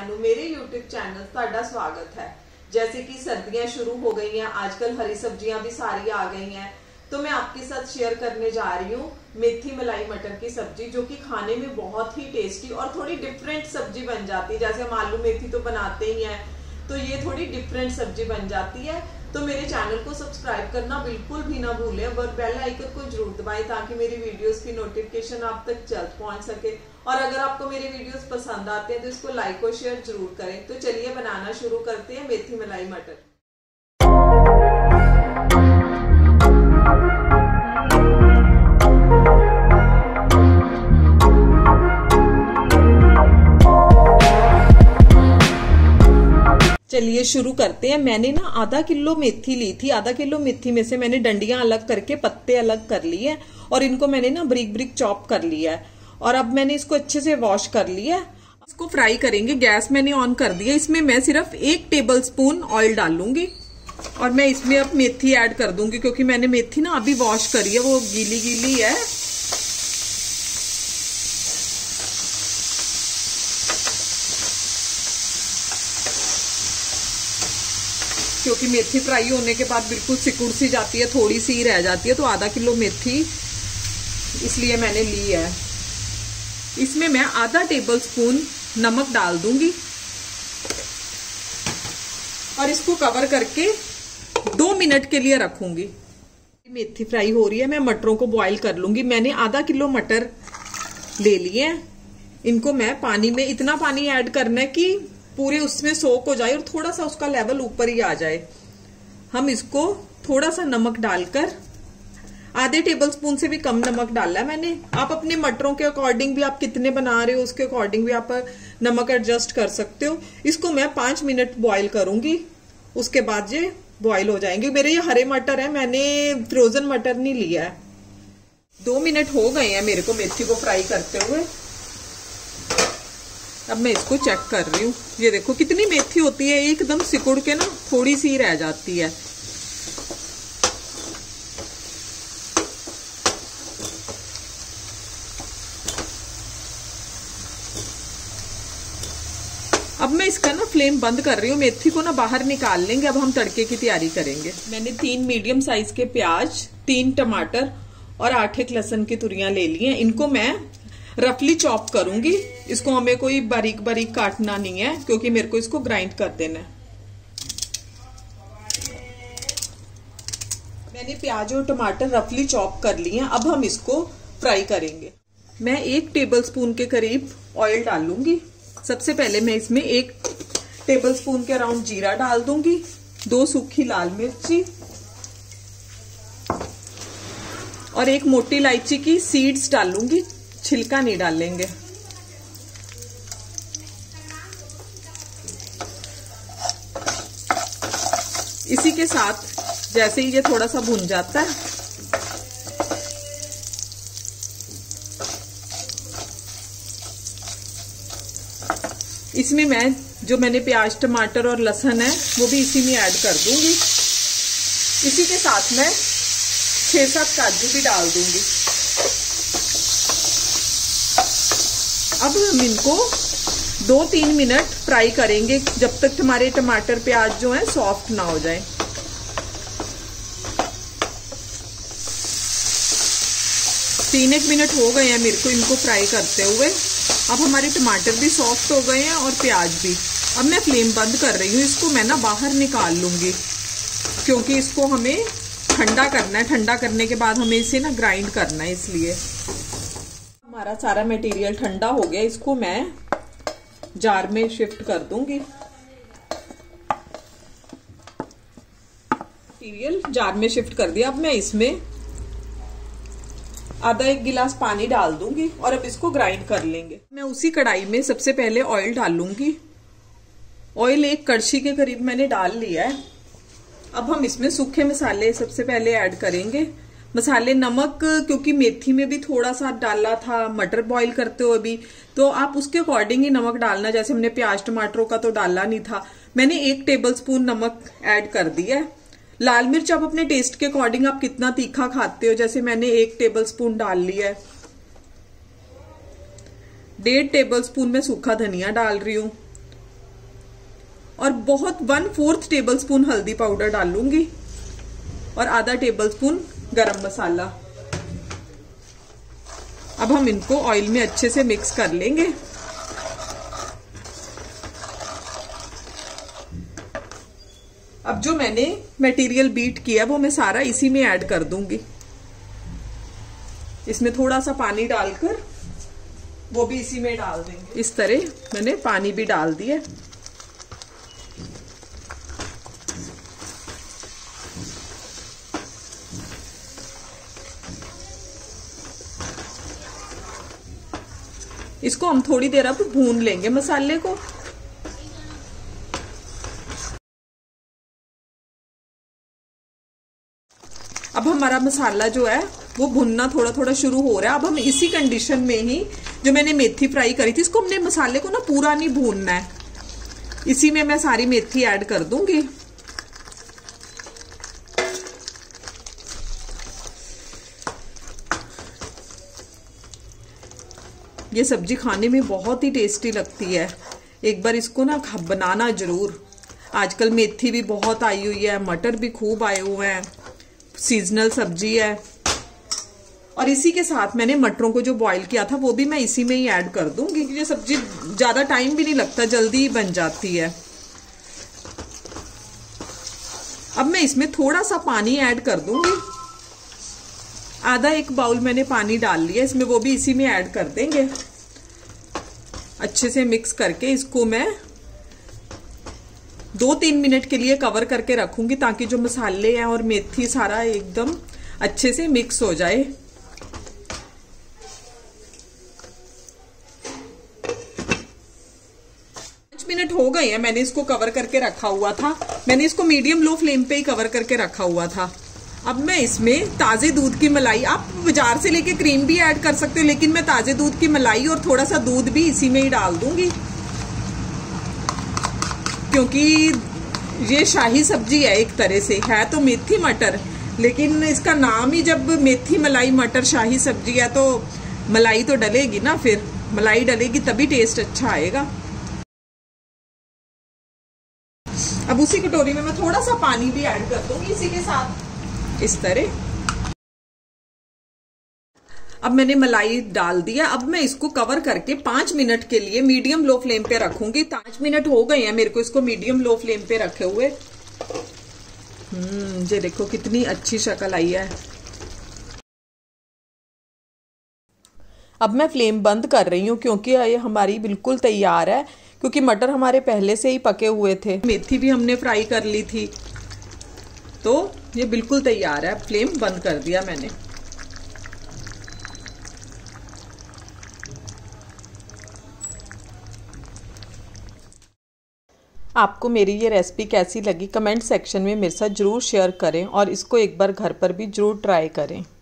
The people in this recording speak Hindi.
ਸਾਰਿਆਂ ਨੂੰ ਮੇਰੇ YouTube ਚੈਨਲ ਤੁਹਾਡਾ ਸਵਾਗਤ जैसे कि सर्दियां शुरू हो गई हैं आजकल हरी सब्जियां भी सारी आ गई हैं तो मैं आपके साथ शेयर करने जा रही हूँ मेथी मलाई मटर की सब्जी जो कि खाने में बहुत ही टेस्टी और थोड़ी डिफरेंट सब्जी बन जाती है जैसे हम आलू मेथी तो बनाते ही हैं तो ये थोड़ी डिफरेंट सब्जी बन जाती है तो मेरे चैनल को सब्सक्राइब करना बिल्कुल भी ना भूलें और बेल आइकन को जरूर दबाएं ताकि मेरी वीडियोस की नोटिफिकेशन आप तक जल्द पहुंच सके और अगर आपको मेरे वीडियोस पसंद आते हैं तो इसको लाइक और शेयर जरूर करें तो चलिए बनाना शुरू करते हैं मेथी मलाई मटर चलिए शुरू करते हैं मैंने ना आधा किलो मेथी ली थी आधा किलो मेथी में से मैंने डंडियां अलग करके पत्ते अलग कर लिए और इनको मैंने ना ब्रिक ब्रिक चॉप कर लिया है और अब मैंने इसको अच्छे से वॉश कर लिया है इसको फ्राई करेंगे गैस मैंने ऑन कर दिया इसमें मैं सिर्फ एक टेबल स्पून ऑयल डालूंगी और मैं इसमें अब मेथी ऐड कर दूंगी क्योंकि मैंने मेथी ना अभी वॉश करी है वो गीली गीली है क्योंकि मेथी फ्राई होने के बाद बिल्कुल सिकुड़ सी जाती है थोड़ी सी ही रह जाती है तो आधा किलो मेथी इसलिए मैंने ली है इसमें मैं आधा टेबल स्पून नमक डाल दूंगी और इसको कवर करके दो मिनट के लिए रखूंगी मेथी फ्राई हो रही है मैं मटरों को बॉईल कर लूंगी मैंने आधा किलो मटर ले लिए इनको मैं पानी में इतना पानी ऐड करना है कि पूरे उसमें सोक हो जाए और थोड़ा सा उसका लेवल ऊपर ही आ जाए हम इसको थोड़ा सा नमक डालकर आधे टेबल स्पून से भी कम नमक डाला है मैंने आप अपने मटरों के अकॉर्डिंग भी आप कितने बना रहे हो उसके अकॉर्डिंग भी आप नमक एडजस्ट कर सकते हो इसको मैं पांच मिनट बॉईल करूंगी उसके बाद ये बॉईल हो जाएंगे मेरे ये हरे मटर है मैंने फ्रोजन मटर नहीं लिया है दो मिनट हो गए हैं मेरे को मेथी को फ्राई करते हुए अब मैं इसको चेक कर रही हूँ ये देखो कितनी मेथी होती है एकदम सिकुड़ के ना थोड़ी सी रह जाती है अब मैं इसका ना फ्लेम बंद कर रही हूँ मेथी को ना बाहर निकाल लेंगे अब हम तड़के की तैयारी करेंगे मैंने तीन मीडियम साइज के प्याज तीन टमाटर और आठ एक लहसन की तुरियां ले ली हैं इनको मैं रफली चॉप करूंगी इसको हमें कोई बारीक बारीक काटना नहीं है क्योंकि मेरे को इसको ग्राइंड कर देना है मैंने प्याज और टमाटर रफली चॉप कर लिए हैं अब हम इसको फ्राई करेंगे मैं एक टेबल स्पून के करीब ऑयल डाल लूंगी सबसे पहले मैं इसमें एक टेबल स्पून के अराउंड जीरा डाल दूंगी दो सूखी लाल मिर्ची और एक मोटी इलायची की सीड्स डालूंगी छिलका नहीं डालेंगे इसी के साथ जैसे ही ये थोड़ा सा भुन जाता है इसमें मैं जो मैंने प्याज टमाटर और लहसन है वो भी इसी में ऐड कर दूंगी इसी के साथ मैं छह सात काजू भी डाल दूंगी अब हम इनको दो तीन मिनट फ्राई करेंगे जब तक हमारे टमाटर प्याज जो है सॉफ्ट ना हो जाए तीन एक मिनट हो गए हैं मेरे को इनको फ्राई करते हुए अब हमारे टमाटर भी सॉफ्ट हो गए हैं और प्याज भी अब मैं फ्लेम बंद कर रही हूँ इसको मैं ना बाहर निकाल लूंगी क्योंकि इसको हमें ठंडा करना है ठंडा करने के बाद हमें इसे ना ग्राइंड करना है इसलिए हमारा सारा मटेरियल ठंडा हो गया इसको मैं जार में शिफ्ट कर दूंगी मटेरियल जार में शिफ्ट कर दिया अब मैं इसमें आधा एक गिलास पानी डाल दूंगी और अब इसको ग्राइंड कर लेंगे मैं उसी कढ़ाई में सबसे पहले ऑयल डालूंगी ऑयल एक कड़छी के करीब मैंने डाल लिया है अब हम इसमें सूखे मसाले सबसे पहले ऐड करेंगे मसाले नमक क्योंकि मेथी में भी थोड़ा सा डाला था मटर बॉईल करते हुए भी तो आप उसके अकॉर्डिंग ही नमक डालना जैसे हमने प्याज टमाटरों का तो डाला नहीं था मैंने एक टेबल स्पून नमक ऐड कर दिया है लाल मिर्च आप अपने टेस्ट के अकॉर्डिंग आप कितना तीखा खाते हो जैसे मैंने एक टेबल स्पून डाल लिया है डेढ़ टेबल स्पून में सूखा धनिया डाल रही हूँ और बहुत वन फोर्थ टेबल स्पून हल्दी पाउडर डालूंगी और आधा टेबल स्पून गरम मसाला अब हम इनको ऑयल में अच्छे से मिक्स कर लेंगे अब जो मैंने मटेरियल बीट किया वो मैं सारा इसी में ऐड कर दूंगी इसमें थोड़ा सा पानी डालकर वो भी इसी में डाल देंगे इस तरह मैंने पानी भी डाल दिया इसको हम थोड़ी देर अब भून लेंगे मसाले को अब हमारा मसाला जो है वो भुनना थोड़ा थोड़ा शुरू हो रहा है अब हम इसी कंडीशन में ही जो मैंने मेथी फ्राई करी थी इसको हमने मसाले को ना पूरा नहीं भूनना है इसी में मैं सारी मेथी ऐड कर दूंगी ये सब्जी खाने में बहुत ही टेस्टी लगती है एक बार इसको ना बनाना ज़रूर आजकल मेथी भी बहुत आई हुई है मटर भी खूब आए हुए हैं सीजनल सब्जी है और इसी के साथ मैंने मटरों को जो बॉईल किया था वो भी मैं इसी में ही ऐड कर दूं क्योंकि ये सब्जी ज़्यादा टाइम भी नहीं लगता जल्दी ही बन जाती है अब मैं इसमें थोड़ा सा पानी ऐड कर दूंगी आधा एक बाउल मैंने पानी डाल लिया इसमें वो भी इसी में ऐड कर देंगे अच्छे से मिक्स करके इसको मैं दो तीन मिनट के लिए कवर करके रखूंगी ताकि जो मसाले हैं और मेथी सारा एकदम अच्छे से मिक्स हो जाए पांच मिनट हो गए हैं मैंने इसको कवर करके रखा हुआ था मैंने इसको मीडियम लो फ्लेम पे ही कवर करके रखा हुआ था अब मैं इसमें ताज़े दूध की मलाई आप बाजार से लेके क्रीम भी ऐड कर सकते हो लेकिन मैं ताज़े दूध की मलाई और थोड़ा सा दूध भी इसी में ही डाल दूंगी क्योंकि ये शाही सब्जी है एक तरह से है तो मेथी मटर लेकिन इसका नाम ही जब मेथी मलाई मटर शाही सब्जी है तो मलाई तो डलेगी ना फिर मलाई डलेगी तभी टेस्ट अच्छा आएगा अब उसी कटोरी में मैं थोड़ा सा पानी भी ऐड कर दूंगी इसी के साथ इस तरह अब मैंने मलाई डाल दिया अब मैं इसको कवर करके पांच मिनट के लिए मीडियम लो फ्लेम पे रखूंगी पांच मिनट हो गए हैं मेरे को इसको मीडियम लो फ्लेम पे रखे हुए हम्म ये देखो कितनी अच्छी शक्ल आई है अब मैं फ्लेम बंद कर रही हूँ क्योंकि ये हमारी बिल्कुल तैयार है क्योंकि मटर हमारे पहले से ही पके हुए थे मेथी भी हमने फ्राई कर ली थी तो ये बिल्कुल तैयार है फ्लेम बंद कर दिया मैंने आपको मेरी ये रेसिपी कैसी लगी कमेंट सेक्शन में मेरे साथ ज़रूर शेयर करें और इसको एक बार घर पर भी ज़रूर ट्राई करें